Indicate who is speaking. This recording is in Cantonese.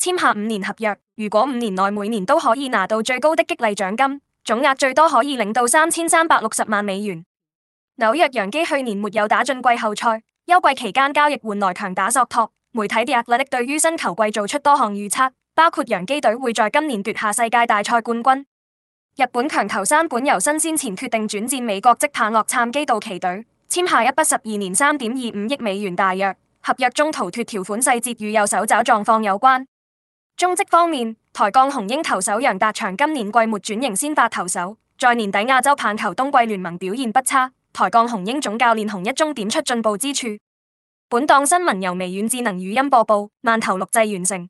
Speaker 1: 簽下五年合約，如果五年內每年都可以拿到最高的激勵獎金，總額最多可以領到三千三百六十萬美元。紐約洋基去年沒有打進季後賽，休季期間交易換來強打索托，媒體的壓力對於新球季做出多項預測，包括洋基隊會在今年奪下世界大賽冠軍。日本強投山本由新先前決定轉戰美國職棒洛杉磯道奇隊，簽下一筆十二年三點二五億美元大約。合約中逃脱條款細節與右手肘狀況有關。中職方面，台鋼雄鷹投手楊達祥今年季末轉型先發投手，在年底亞洲棒球冬季聯盟表現不差。台鋼雄鷹總教練洪一中點出進步之處。本檔新聞由微軟智能語音播報，慢頭錄製完成。